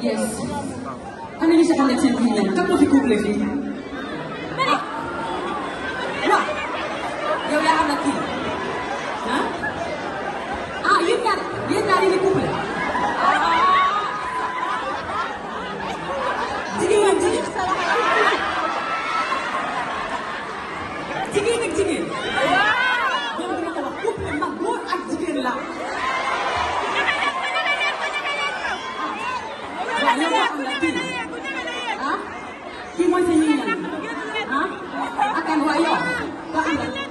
yes. am na ñu si xam ne seen biir lañ kan moo fi couple fii la kii ah kii mooy sa ñi ñan ah ak kan waa yow ba am